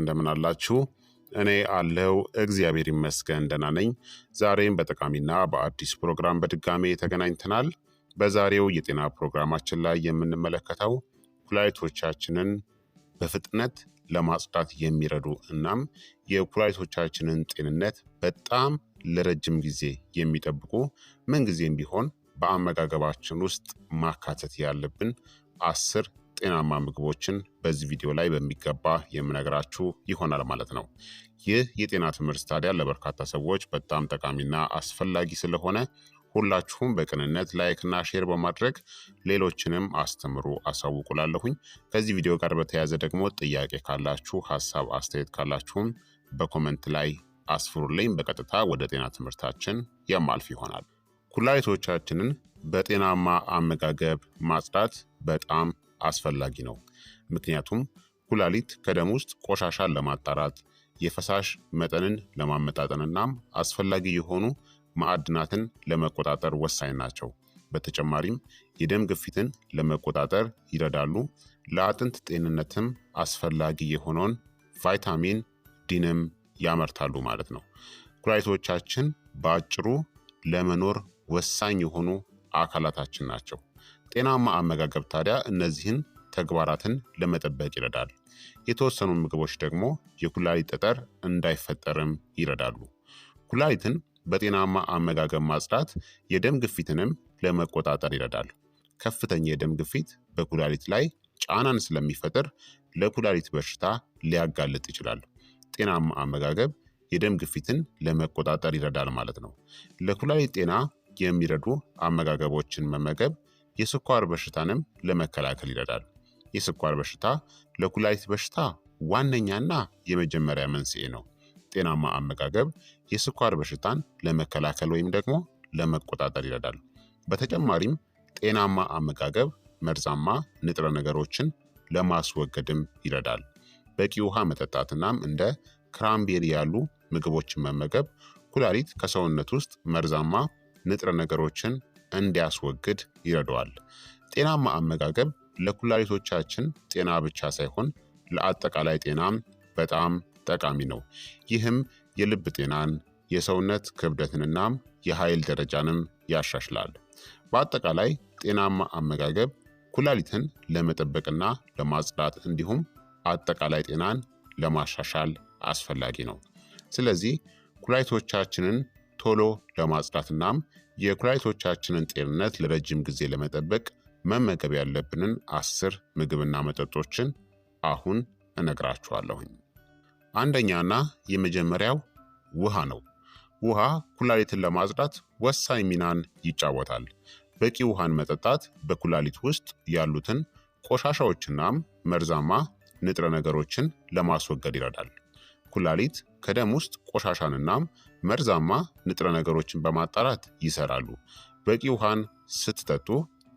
እንደምን አላችሁ? እኔ አለው እግዚአብሔር ይመስገን ደህና ነኝ። ዛሬም በጠቃሚና በአዲስ ፕሮግራም በድጋሜ ተገናኝተናል። በዛሬው የጤና ፕሮግራማችን ላይ የምንመለከተው ኩላሊቶቻችንን በፍጥነት ለማጽዳት የሚረዱ እናም የኩላሊቶቻችንን ጤንነት በጣም ለረጅም ጊዜ የሚጠብቁ ምንጊዜም ቢሆን በአመጋገባችን ውስጥ ማካተት ያለብን አስር ጤናማ ምግቦችን በዚህ ቪዲዮ ላይ በሚገባ የምነግራችሁ ይሆናል ማለት ነው። ይህ የጤና ትምህርት ታዲያ ለበርካታ ሰዎች በጣም ጠቃሚና አስፈላጊ ስለሆነ ሁላችሁም በቅንነት ላይክና ሼር በማድረግ ሌሎችንም አስተምሩ አሳውቁላለሁኝ። ከዚህ ቪዲዮ ጋር በተያያዘ ደግሞ ጥያቄ ካላችሁ፣ ሀሳብ አስተያየት ካላችሁም በኮመንት ላይ አስፍሩልኝ። በቀጥታ ወደ ጤና ትምህርታችን የማልፍ ይሆናል። ኩላሊቶቻችንን በጤናማ አመጋገብ ማጽዳት በጣም አስፈላጊ ነው። ምክንያቱም ኩላሊት ከደም ውስጥ ቆሻሻን ለማጣራት የፈሳሽ መጠንን ለማመጣጠን አስፈላጊ የሆኑ ማዕድናትን ለመቆጣጠር ወሳኝ ናቸው። በተጨማሪም የደም ግፊትን ለመቆጣጠር ይረዳሉ። ለአጥንት ጤንነትም አስፈላጊ የሆነውን ቫይታሚን ዲንም ያመርታሉ ማለት ነው። ኩላሊቶቻችን በአጭሩ ለመኖር ወሳኝ የሆኑ አካላታችን ናቸው። ጤናማ አመጋገብ ታዲያ እነዚህን ተግባራትን ለመጠበቅ ይረዳል። የተወሰኑ ምግቦች ደግሞ የኩላሊት ጠጠር እንዳይፈጠርም ይረዳሉ። ኩላሊትን በጤናማ አመጋገብ ማጽዳት የደም ግፊትንም ለመቆጣጠር ይረዳል። ከፍተኛ የደም ግፊት በኩላሊት ላይ ጫናን ስለሚፈጥር ለኩላሊት በሽታ ሊያጋልጥ ይችላል። ጤናማ አመጋገብ የደም ግፊትን ለመቆጣጠር ይረዳል ማለት ነው። ለኩላሊት ጤና የሚረዱ አመጋገቦችን መመገብ የስኳር በሽታንም ለመከላከል ይረዳል። የስኳር በሽታ ለኩላሊት በሽታ ዋነኛና የመጀመሪያ መንስኤ ነው። ጤናማ አመጋገብ የስኳር በሽታን ለመከላከል ወይም ደግሞ ለመቆጣጠር ይረዳል። በተጨማሪም ጤናማ አመጋገብ መርዛማ ንጥረ ነገሮችን ለማስወገድም ይረዳል። በቂ ውሃ መጠጣትናም እንደ ክራምቤሪ ያሉ ምግቦችን መመገብ ኩላሊት ከሰውነት ውስጥ መርዛማ ንጥረ ነገሮችን እንዲያስወግድ ይረዳዋል። ጤናማ አመጋገብ ለኩላሊቶቻችን ጤና ብቻ ሳይሆን ለአጠቃላይ ጤናም በጣም ጠቃሚ ነው። ይህም የልብ ጤናን፣ የሰውነት ክብደትንናም የኃይል ደረጃንም ያሻሽላል። በአጠቃላይ ጤናማ አመጋገብ ኩላሊትን ለመጠበቅና ለማጽዳት እንዲሁም አጠቃላይ ጤናን ለማሻሻል አስፈላጊ ነው። ስለዚህ ኩላሊቶቻችንን ቶሎ ለማጽዳትናም የኩላሊቶቻችንን ጤንነት ለረጅም ጊዜ ለመጠበቅ መመገብ ያለብንን አስር ምግብና መጠጦችን አሁን እነግራችኋለሁኝ። አንደኛና የመጀመሪያው ውሃ ነው። ውሃ ኩላሊትን ለማጽዳት ወሳኝ ሚናን ይጫወታል። በቂ ውሃን መጠጣት በኩላሊት ውስጥ ያሉትን ቆሻሻዎችናም መርዛማ ንጥረ ነገሮችን ለማስወገድ ይረዳል። ኩላሊት ከደም ውስጥ ቆሻሻንናም መርዛማ ንጥረ ነገሮችን በማጣራት ይሰራሉ። በቂ ውሃን ስትጠጡ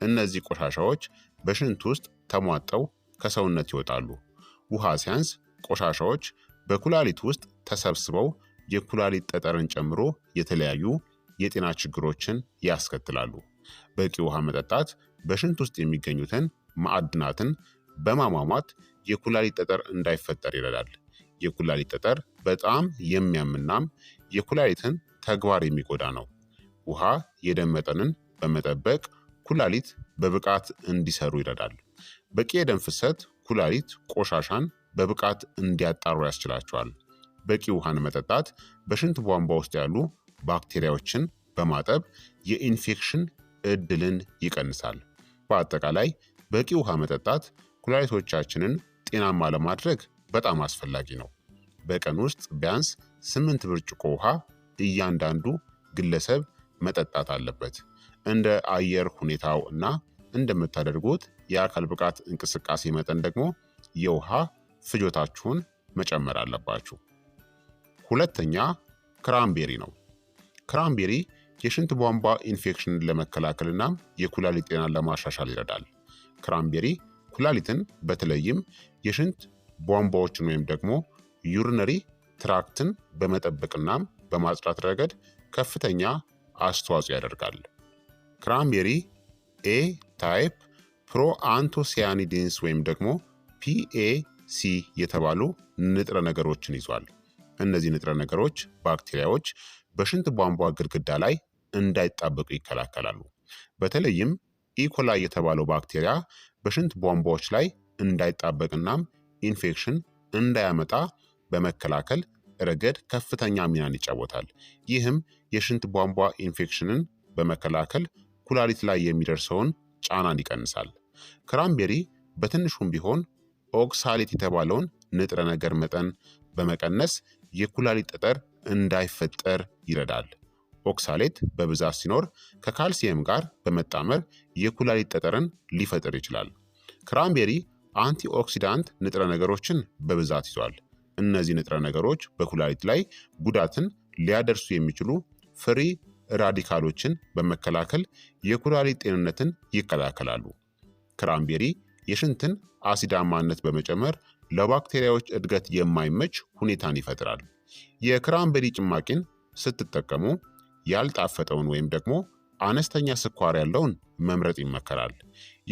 እነዚህ ቆሻሻዎች በሽንት ውስጥ ተሟጠው ከሰውነት ይወጣሉ። ውሃ ሲያንስ ቆሻሻዎች በኩላሊት ውስጥ ተሰብስበው የኩላሊት ጠጠርን ጨምሮ የተለያዩ የጤና ችግሮችን ያስከትላሉ። በቂ ውሃ መጠጣት በሽንት ውስጥ የሚገኙትን ማዕድናትን በማሟሟት የኩላሊት ጠጠር እንዳይፈጠር ይረዳል። የኩላሊት ጠጠር በጣም የሚያምናም የኩላሊትን ተግባር የሚጎዳ ነው። ውሃ የደም መጠንን በመጠበቅ ኩላሊት በብቃት እንዲሰሩ ይረዳል። በቂ የደም ፍሰት ኩላሊት ቆሻሻን በብቃት እንዲያጣሩ ያስችላቸዋል። በቂ ውሃን መጠጣት በሽንት ቧንቧ ውስጥ ያሉ ባክቴሪያዎችን በማጠብ የኢንፌክሽን እድልን ይቀንሳል። በአጠቃላይ በቂ ውሃ መጠጣት ኩላሊቶቻችንን ጤናማ ለማድረግ በጣም አስፈላጊ ነው። በቀን ውስጥ ቢያንስ ስምንት ብርጭቆ ውሃ እያንዳንዱ ግለሰብ መጠጣት አለበት። እንደ አየር ሁኔታው እና እንደምታደርጉት የአካል ብቃት እንቅስቃሴ መጠን ደግሞ የውሃ ፍጆታችሁን መጨመር አለባችሁ። ሁለተኛ ክራምቤሪ ነው። ክራምቤሪ የሽንት ቧንቧ ኢንፌክሽንን ለመከላከልና የኩላሊት ጤናን ለማሻሻል ይረዳል። ክራምቤሪ ኩላሊትን በተለይም የሽንት ቧንቧዎችን ወይም ደግሞ ዩሪነሪ ትራክትን በመጠበቅና በማጽዳት ረገድ ከፍተኛ አስተዋጽኦ ያደርጋል። ክራምቤሪ ኤ ታይፕ ፕሮአንቶሲያኒዲንስ ወይም ደግሞ ፒኤሲ የተባሉ ንጥረ ነገሮችን ይዟል። እነዚህ ንጥረ ነገሮች ባክቴሪያዎች በሽንት ቧንቧ ግድግዳ ላይ እንዳይጣበቁ ይከላከላሉ። በተለይም ኢኮላይ e. የተባለው ባክቴሪያ በሽንት ቧንቧዎች ላይ እንዳይጣበቅናም ኢንፌክሽን እንዳያመጣ በመከላከል ረገድ ከፍተኛ ሚናን ይጫወታል። ይህም የሽንት ቧንቧ ኢንፌክሽንን በመከላከል ኩላሊት ላይ የሚደርሰውን ጫናን ይቀንሳል። ክራምቤሪ በትንሹም ቢሆን ኦክሳሌት የተባለውን ንጥረ ነገር መጠን በመቀነስ የኩላሊት ጠጠር እንዳይፈጠር ይረዳል። ኦክሳሌት በብዛት ሲኖር ከካልሲየም ጋር በመጣመር የኩላሊት ጠጠርን ሊፈጥር ይችላል። ክራምቤሪ አንቲኦክሲዳንት ንጥረ ነገሮችን በብዛት ይዟል። እነዚህ ንጥረ ነገሮች በኩላሊት ላይ ጉዳትን ሊያደርሱ የሚችሉ ፍሪ ራዲካሎችን በመከላከል የኩላሊት ጤንነትን ይከላከላሉ። ክራምቤሪ የሽንትን አሲዳማነት በመጨመር ለባክቴሪያዎች እድገት የማይመች ሁኔታን ይፈጥራል። የክራምቤሪ ጭማቂን ስትጠቀሙ ያልጣፈጠውን ወይም ደግሞ አነስተኛ ስኳር ያለውን መምረጥ ይመከራል።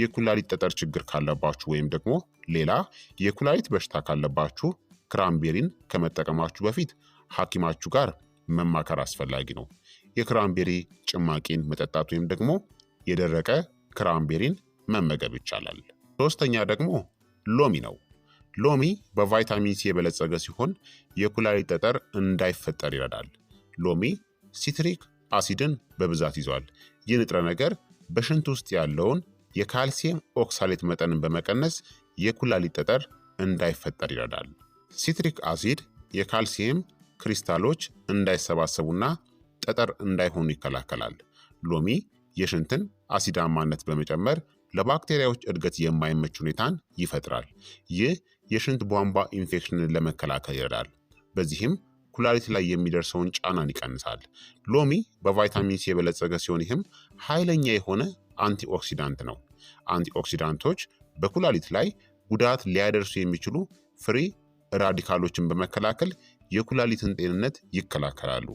የኩላሊት ጠጠር ችግር ካለባችሁ ወይም ደግሞ ሌላ የኩላሊት በሽታ ካለባችሁ ክራምቤሪን ከመጠቀማችሁ በፊት ሐኪማችሁ ጋር መማከር አስፈላጊ ነው። የክራምቤሪ ጭማቂን መጠጣት ወይም ደግሞ የደረቀ ክራምቤሪን መመገብ ይቻላል። ሶስተኛ ደግሞ ሎሚ ነው። ሎሚ በቫይታሚን ሲ የበለጸገ ሲሆን የኩላሊት ጠጠር እንዳይፈጠር ይረዳል። ሎሚ ሲትሪክ አሲድን በብዛት ይዟል። ይህ ንጥረ ነገር በሽንት ውስጥ ያለውን የካልሲየም ኦክሳሌት መጠንን በመቀነስ የኩላሊት ጠጠር እንዳይፈጠር ይረዳል። ሲትሪክ አሲድ የካልሲየም ክሪስታሎች እንዳይሰባሰቡና ጠጠር እንዳይሆኑ ይከላከላል። ሎሚ የሽንትን አሲዳማነት በመጨመር ለባክቴሪያዎች እድገት የማይመች ሁኔታን ይፈጥራል። ይህ የሽንት ቧንቧ ኢንፌክሽንን ለመከላከል ይረዳል። በዚህም ኩላሊት ላይ የሚደርሰውን ጫናን ይቀንሳል። ሎሚ በቫይታሚን ሲ የበለጸገ ሲሆን ይህም ኃይለኛ የሆነ አንቲኦክሲዳንት ነው። አንቲኦክሲዳንቶች በኩላሊት ላይ ጉዳት ሊያደርሱ የሚችሉ ፍሪ ራዲካሎችን በመከላከል የኩላሊትን ጤንነት ይከላከላሉ።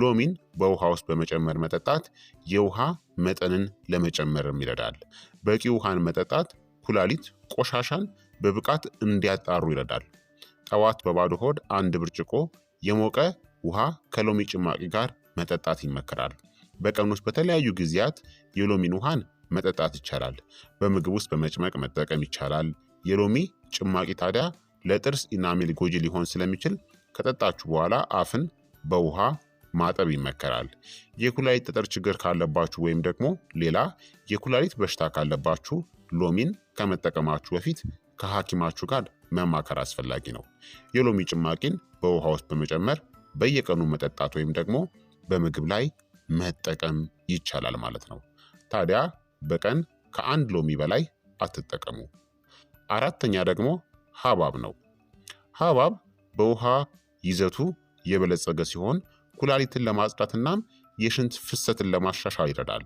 ሎሚን በውሃ ውስጥ በመጨመር መጠጣት የውሃ መጠንን ለመጨመርም ይረዳል። በቂ ውሃን መጠጣት ኩላሊት ቆሻሻን በብቃት እንዲያጣሩ ይረዳል። ጠዋት በባዶ ሆድ አንድ ብርጭቆ የሞቀ ውሃ ከሎሚ ጭማቂ ጋር መጠጣት ይመከራል። በቀን ውስጥ በተለያዩ ጊዜያት የሎሚን ውሃን መጠጣት ይቻላል። በምግብ ውስጥ በመጭመቅ መጠቀም ይቻላል። የሎሚ ጭማቂ ታዲያ ለጥርስ ኢናሜል ጎጂ ሊሆን ስለሚችል ከጠጣችሁ በኋላ አፍን በውሃ ማጠብ ይመከራል። የኩላሊት ጠጠር ችግር ካለባችሁ ወይም ደግሞ ሌላ የኩላሊት በሽታ ካለባችሁ ሎሚን ከመጠቀማችሁ በፊት ከሐኪማችሁ ጋር መማከር አስፈላጊ ነው። የሎሚ ጭማቂን በውሃ ውስጥ በመጨመር በየቀኑ መጠጣት ወይም ደግሞ በምግብ ላይ መጠቀም ይቻላል ማለት ነው። ታዲያ በቀን ከአንድ ሎሚ በላይ አትጠቀሙ። አራተኛ ደግሞ ሀብሐብ ነው። ሀብሐብ በውሃ ይዘቱ የበለጸገ ሲሆን ኩላሊትን ለማጽዳት የሽንት ፍሰትን ለማሻሻል ይረዳል።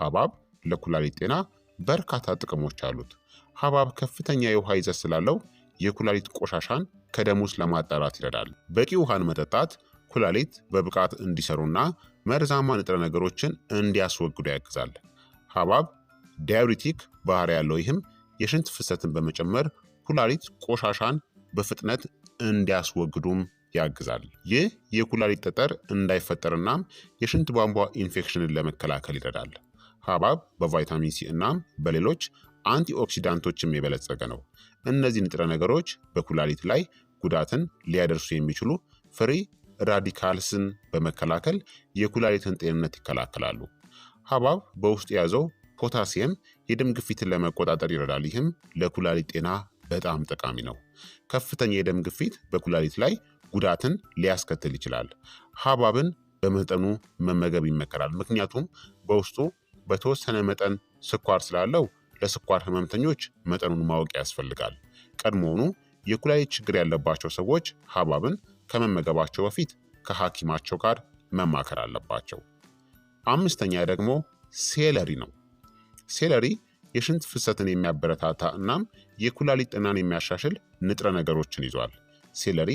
ሀብሐብ ለኩላሊት ጤና በርካታ ጥቅሞች አሉት። ሀብሐብ ከፍተኛ የውሃ ይዘት ስላለው የኩላሊት ቆሻሻን ከደም ውስጥ ለማጣራት ይረዳል። በቂ ውሃን መጠጣት ኩላሊት በብቃት እንዲሰሩና መርዛማ ንጥረ ነገሮችን እንዲያስወግዱ ያግዛል። ሐብሐብ ዳዩሪቲክ ባህሪ ያለው ይህም የሽንት ፍሰትን በመጨመር ኩላሊት ቆሻሻን በፍጥነት እንዲያስወግዱም ያግዛል። ይህ የኩላሊት ጠጠር እንዳይፈጠርናም የሽንት ቧንቧ ኢንፌክሽንን ለመከላከል ይረዳል። ሐብሐብ በቫይታሚን ሲ እናም በሌሎች አንቲኦክሲዳንቶችም የበለጸገ ነው። እነዚህ ንጥረ ነገሮች በኩላሊት ላይ ጉዳትን ሊያደርሱ የሚችሉ ፍሪ ራዲካልስን በመከላከል የኩላሊትን ጤንነት ይከላከላሉ። ሐብሐብ በውስጡ የያዘው ፖታሲየም የደም ግፊትን ለመቆጣጠር ይረዳል። ይህም ለኩላሊት ጤና በጣም ጠቃሚ ነው። ከፍተኛ የደም ግፊት በኩላሊት ላይ ጉዳትን ሊያስከትል ይችላል። ሐብሐብን በመጠኑ መመገብ ይመከራል። ምክንያቱም በውስጡ በተወሰነ መጠን ስኳር ስላለው ለስኳር ህመምተኞች መጠኑን ማወቅ ያስፈልጋል። ቀድሞውኑ የኩላሊት ችግር ያለባቸው ሰዎች ሐብሐብን ከመመገባቸው በፊት ከሐኪማቸው ጋር መማከር አለባቸው። አምስተኛ ደግሞ ሴለሪ ነው። ሴለሪ የሽንት ፍሰትን የሚያበረታታ እናም የኩላሊት ጤናን የሚያሻሽል ንጥረ ነገሮችን ይዟል። ሴለሪ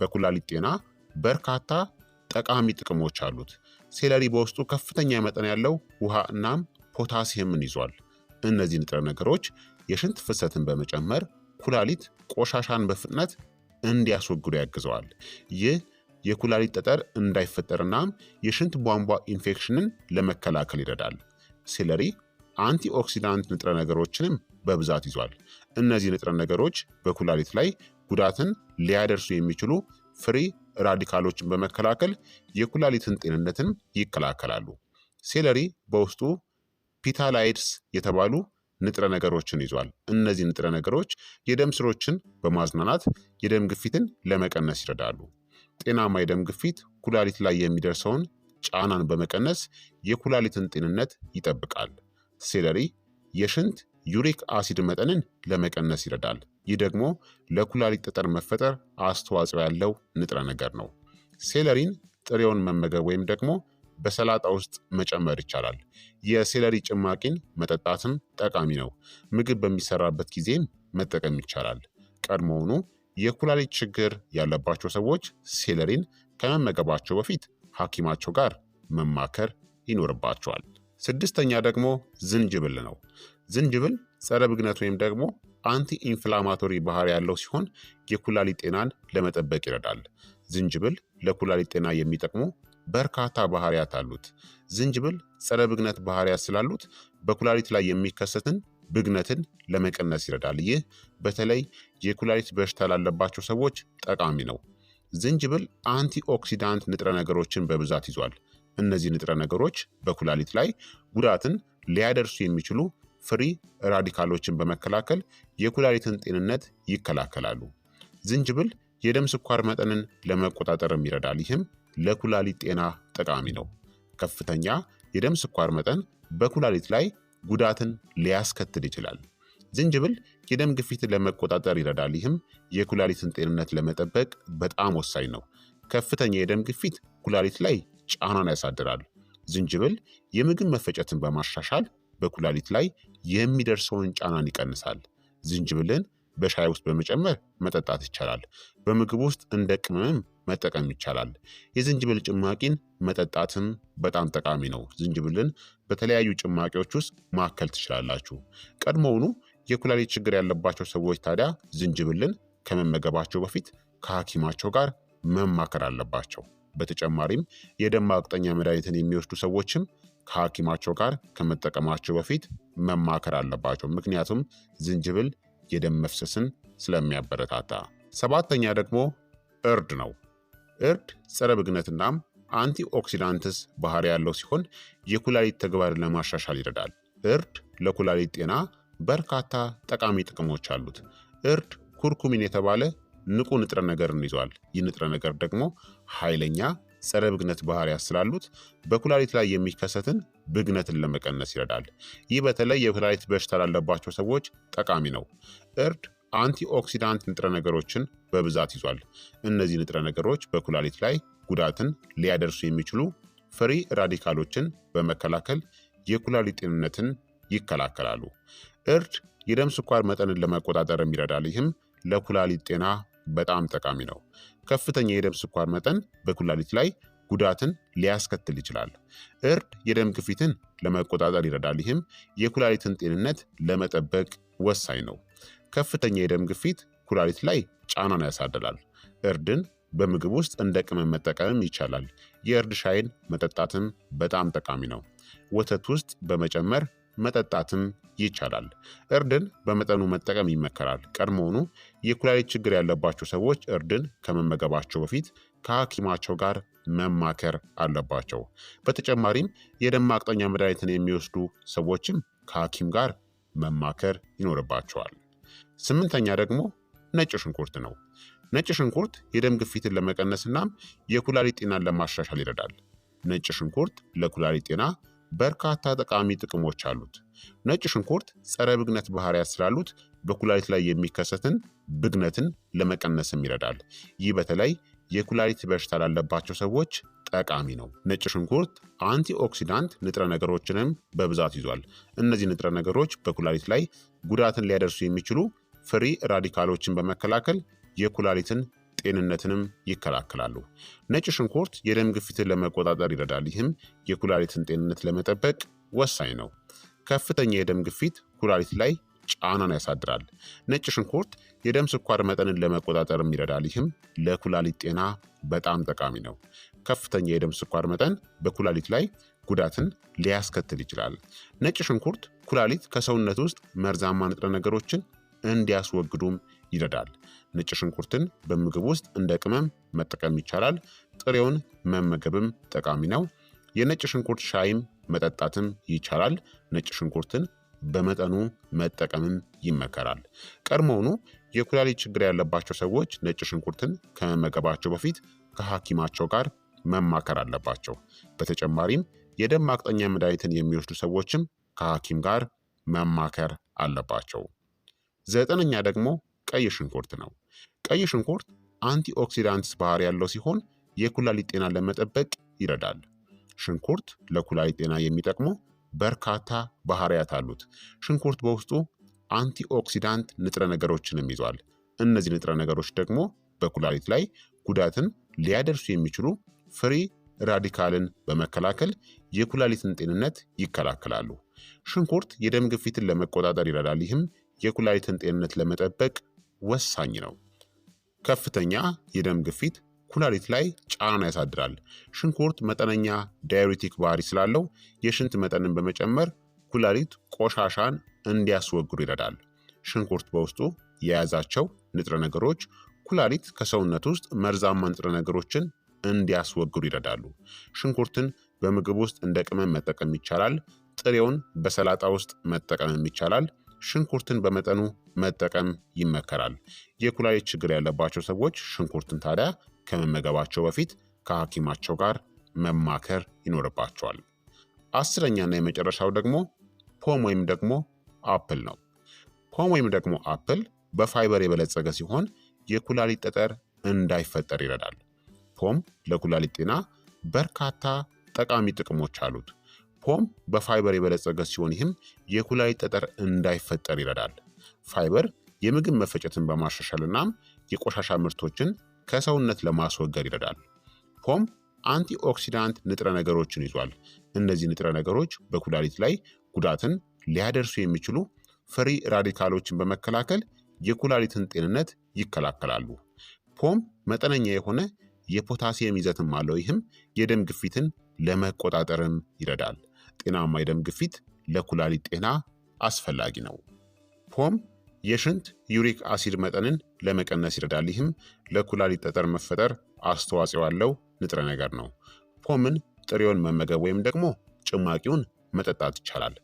በኩላሊት ጤና በርካታ ጠቃሚ ጥቅሞች አሉት። ሴለሪ በውስጡ ከፍተኛ መጠን ያለው ውሃ እናም ፖታሲየምን ይዟል። እነዚህ ንጥረ ነገሮች የሽንት ፍሰትን በመጨመር ኩላሊት ቆሻሻን በፍጥነት እንዲያስወግዱ ያግዘዋል። ይህ የኩላሊት ጠጠር እንዳይፈጠርና የሽንት ቧንቧ ኢንፌክሽንን ለመከላከል ይረዳል። ሴለሪ አንቲኦክሲዳንት ንጥረ ነገሮችንም በብዛት ይዟል። እነዚህ ንጥረ ነገሮች በኩላሊት ላይ ጉዳትን ሊያደርሱ የሚችሉ ፍሪ ራዲካሎችን በመከላከል የኩላሊትን ጤንነትን ይከላከላሉ። ሴለሪ በውስጡ ፒታላይድስ የተባሉ ንጥረ ነገሮችን ይዟል። እነዚህ ንጥረ ነገሮች የደም ስሮችን በማዝናናት የደም ግፊትን ለመቀነስ ይረዳሉ። ጤናማ የደም ግፊት ኩላሊት ላይ የሚደርሰውን ጫናን በመቀነስ የኩላሊትን ጤንነት ይጠብቃል። ሴለሪ የሽንት ዩሪክ አሲድ መጠንን ለመቀነስ ይረዳል። ይህ ደግሞ ለኩላሊት ጠጠር መፈጠር አስተዋጽኦ ያለው ንጥረ ነገር ነው። ሴለሪን ጥሬውን መመገብ ወይም ደግሞ በሰላጣ ውስጥ መጨመር ይቻላል። የሴለሪ ጭማቂን መጠጣትም ጠቃሚ ነው። ምግብ በሚሰራበት ጊዜም መጠቀም ይቻላል። ቀድሞውኑ የኩላሊት ችግር ያለባቸው ሰዎች ሴለሪን ከመመገባቸው በፊት ሐኪማቸው ጋር መማከር ይኖርባቸዋል። ስድስተኛ ደግሞ ዝንጅብል ነው። ዝንጅብል ጸረ ብግነት ወይም ደግሞ አንቲ ኢንፍላማቶሪ ባህሪ ያለው ሲሆን የኩላሊት ጤናን ለመጠበቅ ይረዳል። ዝንጅብል ለኩላሊት ጤና የሚጠቅሙ በርካታ ባህሪያት አሉት። ዝንጅብል ጸረ ብግነት ባህሪያት ስላሉት በኩላሊት ላይ የሚከሰትን ብግነትን ለመቀነስ ይረዳል። ይህ በተለይ የኩላሊት በሽታ ላለባቸው ሰዎች ጠቃሚ ነው። ዝንጅብል አንቲኦክሲዳንት ንጥረ ነገሮችን በብዛት ይዟል። እነዚህ ንጥረ ነገሮች በኩላሊት ላይ ጉዳትን ሊያደርሱ የሚችሉ ፍሪ ራዲካሎችን በመከላከል የኩላሊትን ጤንነት ይከላከላሉ። ዝንጅብል የደም ስኳር መጠንን ለመቆጣጠርም ይረዳል። ይህም ለኩላሊት ጤና ጠቃሚ ነው። ከፍተኛ የደም ስኳር መጠን በኩላሊት ላይ ጉዳትን ሊያስከትል ይችላል። ዝንጅብል የደም ግፊትን ለመቆጣጠር ይረዳል። ይህም የኩላሊትን ጤንነት ለመጠበቅ በጣም ወሳኝ ነው። ከፍተኛ የደም ግፊት ኩላሊት ላይ ጫናን ያሳድራል። ዝንጅብል የምግብ መፈጨትን በማሻሻል በኩላሊት ላይ የሚደርሰውን ጫናን ይቀንሳል። ዝንጅብልን በሻይ ውስጥ በመጨመር መጠጣት ይቻላል። በምግብ ውስጥ እንደ ቅመም መጠቀም ይቻላል። የዝንጅብል ጭማቂን መጠጣትም በጣም ጠቃሚ ነው። ዝንጅብልን በተለያዩ ጭማቂዎች ውስጥ ማከል ትችላላችሁ። ቀድሞውኑ የኩላሊት ችግር ያለባቸው ሰዎች ታዲያ ዝንጅብልን ከመመገባቸው በፊት ከሐኪማቸው ጋር መማከር አለባቸው። በተጨማሪም የደም ማቅጠኛ መድኃኒትን የሚወስዱ ሰዎችም ከሐኪማቸው ጋር ከመጠቀማቸው በፊት መማከር አለባቸው። ምክንያቱም ዝንጅብል የደም መፍሰስን ስለሚያበረታታ። ሰባተኛ ደግሞ እርድ ነው። እርድ ጸረ ብግነትናም አንቲ ኦክሲዳንትስ ባህሪ ያለው ሲሆን የኩላሊት ተግባርን ለማሻሻል ይረዳል። እርድ ለኩላሊት ጤና በርካታ ጠቃሚ ጥቅሞች አሉት። እርድ ኩርኩሚን የተባለ ንቁ ንጥረ ነገርን ይዟል። ይህ ንጥረ ነገር ደግሞ ኃይለኛ ጸረ ብግነት ባህሪያት ስላሉት በኩላሊት ላይ የሚከሰትን ብግነትን ለመቀነስ ይረዳል። ይህ በተለይ የኩላሊት በሽታ ላለባቸው ሰዎች ጠቃሚ ነው። እርድ አንቲኦክሲዳንት ንጥረ ነገሮችን በብዛት ይዟል። እነዚህ ንጥረ ነገሮች በኩላሊት ላይ ጉዳትን ሊያደርሱ የሚችሉ ፍሪ ራዲካሎችን በመከላከል የኩላሊት ጤንነትን ይከላከላሉ። እርድ የደም ስኳር መጠንን ለመቆጣጠር ይረዳል። ይህም ለኩላሊት ጤና በጣም ጠቃሚ ነው። ከፍተኛ የደም ስኳር መጠን በኩላሊት ላይ ጉዳትን ሊያስከትል ይችላል። እርድ የደም ግፊትን ለመቆጣጠር ይረዳል። ይህም የኩላሊትን ጤንነት ለመጠበቅ ወሳኝ ነው። ከፍተኛ የደም ግፊት ኩላሊት ላይ ጫናን ያሳድላል። እርድን በምግብ ውስጥ እንደ ቅመም መጠቀምም ይቻላል። የእርድ ሻይን መጠጣትም በጣም ጠቃሚ ነው። ወተት ውስጥ በመጨመር መጠጣትም ይቻላል። እርድን በመጠኑ መጠቀም ይመከራል። ቀድሞውኑ የኩላሊት ችግር ያለባቸው ሰዎች እርድን ከመመገባቸው በፊት ከሐኪማቸው ጋር መማከር አለባቸው። በተጨማሪም የደም ማቅጠኛ መድኃኒትን የሚወስዱ ሰዎችም ከሐኪም ጋር መማከር ይኖርባቸዋል። ስምንተኛ ደግሞ ነጭ ሽንኩርት ነው። ነጭ ሽንኩርት የደም ግፊትን እናም የኩላሊት ጤናን ለማሻሻል ይረዳል። ነጭ ሽንኩርት ለኩላሊት ጤና በርካታ ጠቃሚ ጥቅሞች አሉት። ነጭ ሽንኩርት ጸረ ብግነት ባህሪያት ስላሉት በኩላሊት ላይ የሚከሰትን ብግነትን ለመቀነስም ይረዳል። ይህ በተለይ የኩላሊት በሽታ ላለባቸው ሰዎች ጠቃሚ ነው። ነጭ ሽንኩርት አንቲኦክሲዳንት ንጥረ ነገሮችንም በብዛት ይዟል። እነዚህ ንጥረ ነገሮች በኩላሊት ላይ ጉዳትን ሊያደርሱ የሚችሉ ፍሪ ራዲካሎችን በመከላከል የኩላሊትን ጤንነትንም ይከላከላሉ። ነጭ ሽንኩርት የደም ግፊትን ለመቆጣጠር ይረዳል። ይህም የኩላሊትን ጤንነት ለመጠበቅ ወሳኝ ነው። ከፍተኛ የደም ግፊት ኩላሊት ላይ ጫናን ያሳድራል። ነጭ ሽንኩርት የደም ስኳር መጠንን ለመቆጣጠርም ይረዳል። ይህም ለኩላሊት ጤና በጣም ጠቃሚ ነው። ከፍተኛ የደም ስኳር መጠን በኩላሊት ላይ ጉዳትን ሊያስከትል ይችላል። ነጭ ሽንኩርት ኩላሊት ከሰውነት ውስጥ መርዛማ ንጥረ ነገሮችን እንዲያስወግዱም ይረዳል። ነጭ ሽንኩርትን በምግብ ውስጥ እንደ ቅመም መጠቀም ይቻላል። ጥሬውን መመገብም ጠቃሚ ነው። የነጭ ሽንኩርት ሻይም መጠጣትም ይቻላል። ነጭ ሽንኩርትን በመጠኑ መጠቀምም ይመከራል። ቀድሞውኑ የኩላሊት ችግር ያለባቸው ሰዎች ነጭ ሽንኩርትን ከመመገባቸው በፊት ከሐኪማቸው ጋር መማከር አለባቸው። በተጨማሪም የደም ማቅጠኛ መድኃኒትን የሚወስዱ ሰዎችም ከሐኪም ጋር መማከር አለባቸው። ዘጠነኛ ደግሞ ቀይ ሽንኩርት ነው። ቀይ ሽንኩርት አንቲኦክሲዳንትስ ባህሪ ያለው ሲሆን የኩላሊት ጤናን ለመጠበቅ ይረዳል። ሽንኩርት ለኩላሊት ጤና የሚጠቅሙ በርካታ ባህሪያት አሉት። ሽንኩርት በውስጡ አንቲኦክሲዳንት ንጥረ ነገሮችንም ይዟል። እነዚህ ንጥረ ነገሮች ደግሞ በኩላሊት ላይ ጉዳትን ሊያደርሱ የሚችሉ ፍሪ ራዲካልን በመከላከል የኩላሊትን ጤንነት ይከላከላሉ። ሽንኩርት የደም ግፊትን ለመቆጣጠር ይረዳል። ይህም የኩላሊትን ጤንነት ለመጠበቅ ወሳኝ ነው። ከፍተኛ የደም ግፊት ኩላሊት ላይ ጫና ያሳድራል። ሽንኩርት መጠነኛ ዳይሪቲክ ባህሪ ስላለው የሽንት መጠንን በመጨመር ኩላሊት ቆሻሻን እንዲያስወግዱ ይረዳል። ሽንኩርት በውስጡ የያዛቸው ንጥረ ነገሮች ኩላሊት ከሰውነት ውስጥ መርዛማ ንጥረ ነገሮችን እንዲያስወግዱ ይረዳሉ። ሽንኩርትን በምግብ ውስጥ እንደ ቅመም መጠቀም ይቻላል። ጥሬውን በሰላጣ ውስጥ መጠቀምም ይቻላል። ሽንኩርትን በመጠኑ መጠቀም ይመከራል። የኩላሊት ችግር ያለባቸው ሰዎች ሽንኩርትን ታዲያ ከመመገባቸው በፊት ከሐኪማቸው ጋር መማከር ይኖርባቸዋል። አስረኛና የመጨረሻው ደግሞ ፖም ወይም ደግሞ አፕል ነው። ፖም ወይም ደግሞ አፕል በፋይበር የበለጸገ ሲሆን የኩላሊት ጠጠር እንዳይፈጠር ይረዳል። ፖም ለኩላሊት ጤና በርካታ ጠቃሚ ጥቅሞች አሉት። ፖም በፋይበር የበለጸገ ሲሆን ይህም የኩላሊት ጠጠር እንዳይፈጠር ይረዳል። ፋይበር የምግብ መፈጨትን በማሻሻል እናም የቆሻሻ ምርቶችን ከሰውነት ለማስወገድ ይረዳል። ፖም አንቲኦክሲዳንት ንጥረ ነገሮችን ይዟል። እነዚህ ንጥረ ነገሮች በኩላሊት ላይ ጉዳትን ሊያደርሱ የሚችሉ ፍሪ ራዲካሎችን በመከላከል የኩላሊትን ጤንነት ይከላከላሉ። ፖም መጠነኛ የሆነ የፖታሲየም ይዘትም አለው። ይህም የደም ግፊትን ለመቆጣጠርም ይረዳል። ጤናማ የደም ግፊት ለኩላሊት ጤና አስፈላጊ ነው። ፖም የሽንት ዩሪክ አሲድ መጠንን ለመቀነስ ይረዳል። ይህም ለኩላሊት ጠጠር መፈጠር አስተዋጽኦ ያለው ንጥረ ነገር ነው። ፖምን ጥሬውን መመገብ ወይም ደግሞ ጭማቂውን መጠጣት ይቻላል።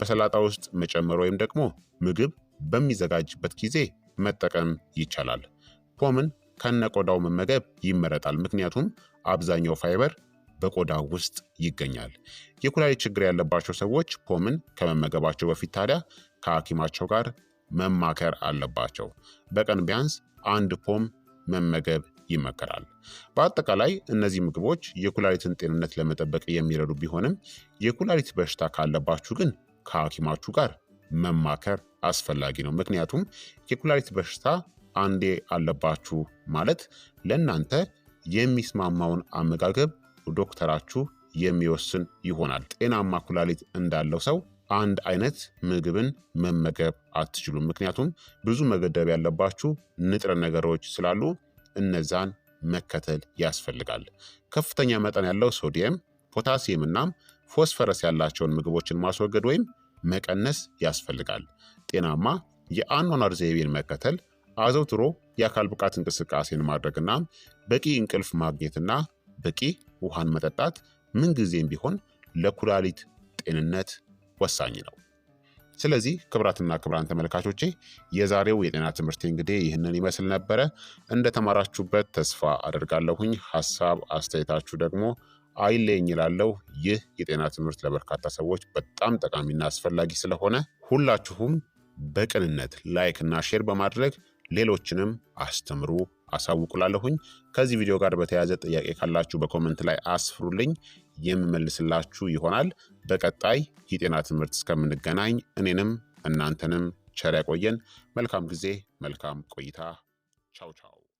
በሰላጣ ውስጥ መጨመር ወይም ደግሞ ምግብ በሚዘጋጅበት ጊዜ መጠቀም ይቻላል። ፖምን ከነቆዳው መመገብ ይመረጣል፣ ምክንያቱም አብዛኛው ፋይበር በቆዳው ውስጥ ይገኛል። የኩላሊት ችግር ያለባቸው ሰዎች ፖምን ከመመገባቸው በፊት ታዲያ ከሐኪማቸው ጋር መማከር አለባቸው። በቀን ቢያንስ አንድ ፖም መመገብ ይመከራል። በአጠቃላይ እነዚህ ምግቦች የኩላሊትን ጤንነት ለመጠበቅ የሚረዱ ቢሆንም የኩላሊት በሽታ ካለባችሁ ግን ከሐኪማችሁ ጋር መማከር አስፈላጊ ነው። ምክንያቱም የኩላሊት በሽታ አንዴ አለባችሁ ማለት ለእናንተ የሚስማማውን አመጋገብ ዶክተራችሁ የሚወስን ይሆናል። ጤናማ ኩላሊት እንዳለው ሰው አንድ አይነት ምግብን መመገብ አትችሉም። ምክንያቱም ብዙ መገደብ ያለባችሁ ንጥረ ነገሮች ስላሉ እነዛን መከተል ያስፈልጋል። ከፍተኛ መጠን ያለው ሶዲየም፣ ፖታሲየም እናም ፎስፈረስ ያላቸውን ምግቦችን ማስወገድ ወይም መቀነስ ያስፈልጋል። ጤናማ የአኗኗር ዘይቤን መከተል፣ አዘውትሮ የአካል ብቃት እንቅስቃሴን ማድረግና በቂ እንቅልፍ ማግኘትና በቂ ውሃን መጠጣት ምንጊዜም ቢሆን ለኩላሊት ጤንነት ወሳኝ ነው። ስለዚህ ክብራትና ክብራን ተመልካቾቼ የዛሬው የጤና ትምህርት እንግዲህ ይህንን ይመስል ነበረ። እንደተማራችሁበት ተስፋ አደርጋለሁኝ። ሀሳብ አስተያየታችሁ ደግሞ አይለኝ ይላለው። ይህ የጤና ትምህርት ለበርካታ ሰዎች በጣም ጠቃሚና አስፈላጊ ስለሆነ ሁላችሁም በቅንነት ላይክ እና ሼር በማድረግ ሌሎችንም አስተምሩ አሳውቁላለሁኝ። ከዚህ ቪዲዮ ጋር በተያያዘ ጥያቄ ካላችሁ በኮመንት ላይ አስፍሩልኝ የምመልስላችሁ ይሆናል። በቀጣይ የጤና ትምህርት እስከምንገናኝ እኔንም እናንተንም ቸር ያቆየን። መልካም ጊዜ፣ መልካም ቆይታ። ቻው ቻው።